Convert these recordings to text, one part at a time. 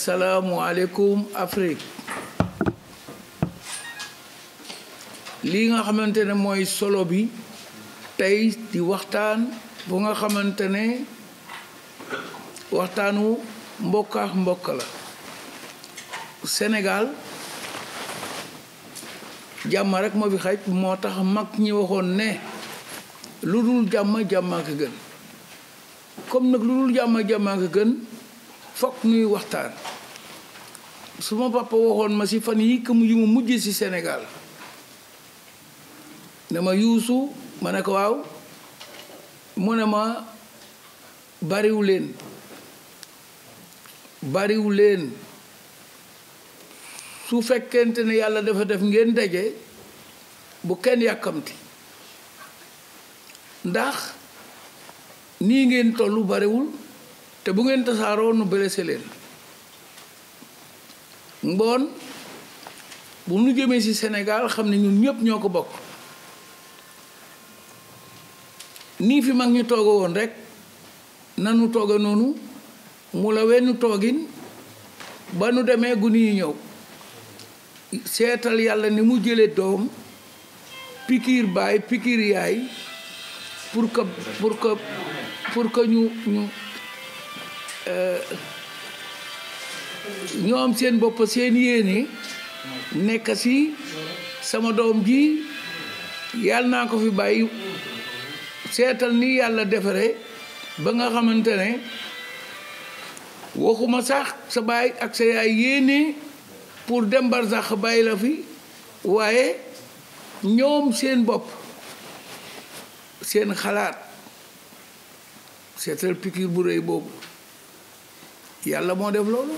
asalaamualeykum Afrique lii nga xamante ne mooy solo bi tey di waxtaan bu nga xamante ne waxtaanu mbokk ak mbokk la Sénégal jàmm rek moo fi xaj moo tax mag ñi waxoon ne lu dul jàmm jàmm ak gën comme nag lu dul jàmm jàmm ak gën fokk ñuy waxtaan suma papa waxoon ma ci fan yi mu yu mu mujj ci senegaal ne ma yuusu ma ne ko waaw mu ne ma bariwu leen bariwu leen su fekkent ne yàlla dafa def ngeen daje bu kenn yàkkamti ndax nii ngeen tollu bariwul te bu ngeen tasaaroo nu blessé leen ngoon bu nu jëmee ci senegaal xam ne ñun ñëpp ñoo ko bokk nii fi mag ñu tooga woon rek nanu tooga noonu mu la wenn toogin ba nu demee guni yi ñëw seetal yàlla ni mu jële doom pikiir baay pikiir yaay pour que pour que ñu ñu euh, ñoom seen bopp seen yéene nekk si sama doom ji yàlla naa ko fi bàyyi seetal ni yàlla defare ba nga xamante ne waxuma sax sa baay ak sa yaay yéene pour dem barsax bàyyi la fi waaye ñoom seen bopp seen xalaat seetal pikiir bu réy boobu yàlla moo def loolu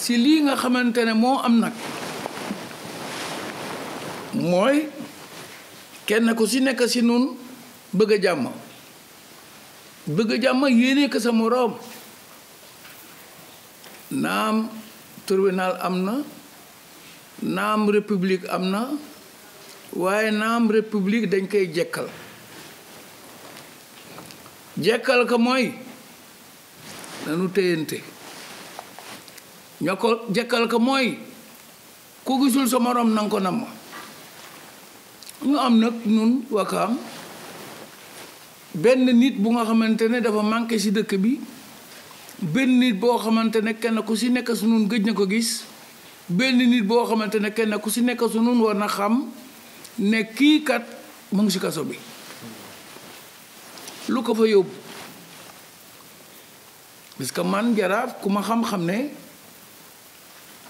ci lii nga xamante ne moo am nag mooy kenn ku ci nekk ci nun bëgg a jàmm bëgg a jàmm yéene ko sa moroom naam tribunal am na naam république am na waaye naam république dañ koy jekkal jekkal ko mooy nanu téyante ñoko jekkal ko mooy ku gisul sa moroom nanga ko nam ma ñu am nag nun wakaam benn nit bu nga xamante ne dafa manqué ci dëkk bi benn nit boo xamante ne kenn ku ci nekk su gëj na ko gis benn nit boo xamante ne kenn ku ci nekk su nun war na xam ne kii kat mu ngi ci kaso bi lu ko fa yóbbu parce man jaraaf ku ma xam-xam ne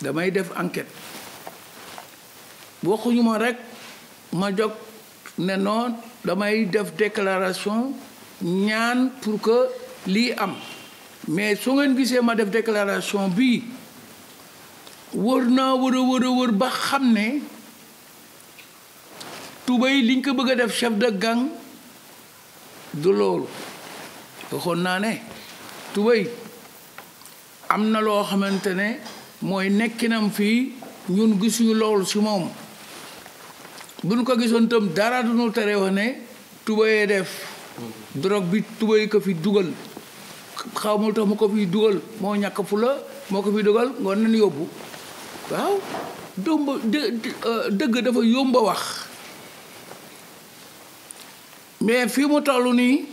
damay def enquête waxuñu ma rek ma jóg ne noon damay def déclaration ñaan pour que lii am mais su ngeen gisee ma def déclaration bii wër naa wër a wër ba xam ne tubéy liñ ko bëgg a def chef de gang du loolu waxoon naa ne tubéy am na loo xamante ne mooy nekkinam fi ñun gisuñu loolu si moom buñ ko gisoon tam dara duñu tere wax ne tubayee def drogue bi tubay ko fi dugal xawmul tax mu ko fi wow, moo ñàkk fula ko fi nañ waaw domba euh, dëgg dafa yomba wax mais fi mu toll nii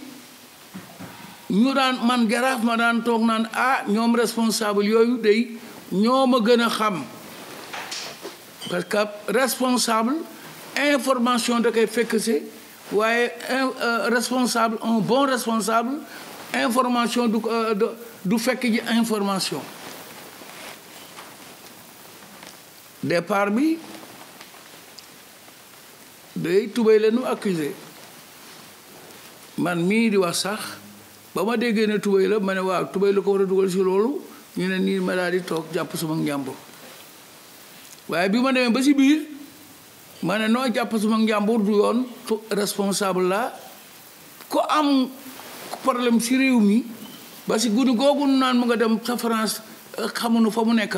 ñu daan man jaraaf ma daan toog naan ah ñoom responsable yooyu day ñoma gëna xam parce que responsable information da kay fekk si waaye euh, euh, responsable un bon responsable information du euh, du fekk ji information départ bi day tubay la accuser man mi di wax sax ba ma déggee ne tubay la ma ne waaw tubay la ko war a dugal si loolu ñu ne nii ma daal di toog jàpp suma njàmbur waaye bi ma demee ba si biir ma ne noo jàpp suma du yoon responsable la ko am problème si réew mi ba si guddi googu naan mu nga dem sa France eh, xamunu fa mu nekk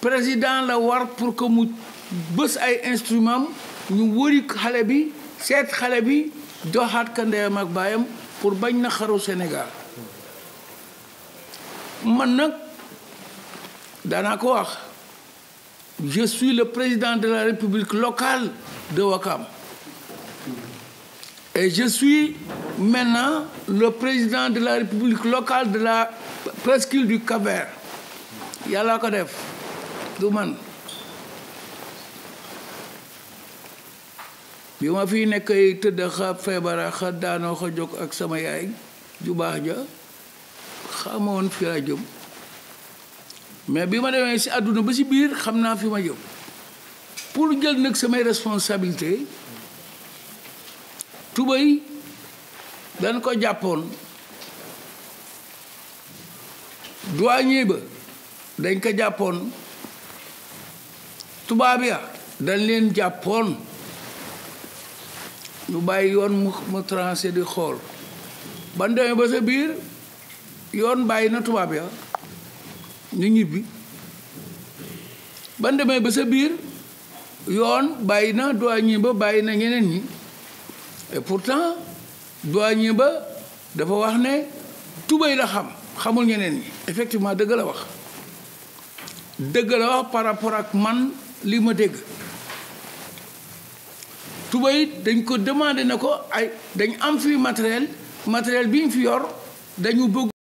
président la war pour que mu bës ay instrument ñu wëri xale bi seet xale bi joxaat ka ndeyam ak pour bañ na xaru Sénégal man je suis le président de la république locale de Wakam et je suis maintenant le président de la république locale de la presqu'île du Cavern. Yala kadef, du fi xamoon fi laa jëm mais bi ma demee si àdduna ba si biir xam naa fi ma jëm pour jël nag samay responsabilité tubay dan ko jàppoon douanier ba dañ ko jàppoon tubaab ya dan leen jàppoon ñu bàyyi yoon mu mu di xool ban demee ba sa biir yoon bàyyi na tubaab ya ñu ñibbi ban demee ba sa biir yoon bàyyi na douanier ba bàyyi na ñeneen ñi et pourtant douanier ba dafa wax ne tubay la xam xamul ñeneen ñi effectivement dëgg la wax dëgg la wax par rapport ak man li ma dégg tubay dañ ko demandé na ko ay dañ am fi matériel matériel bi fi yor dañu bëgg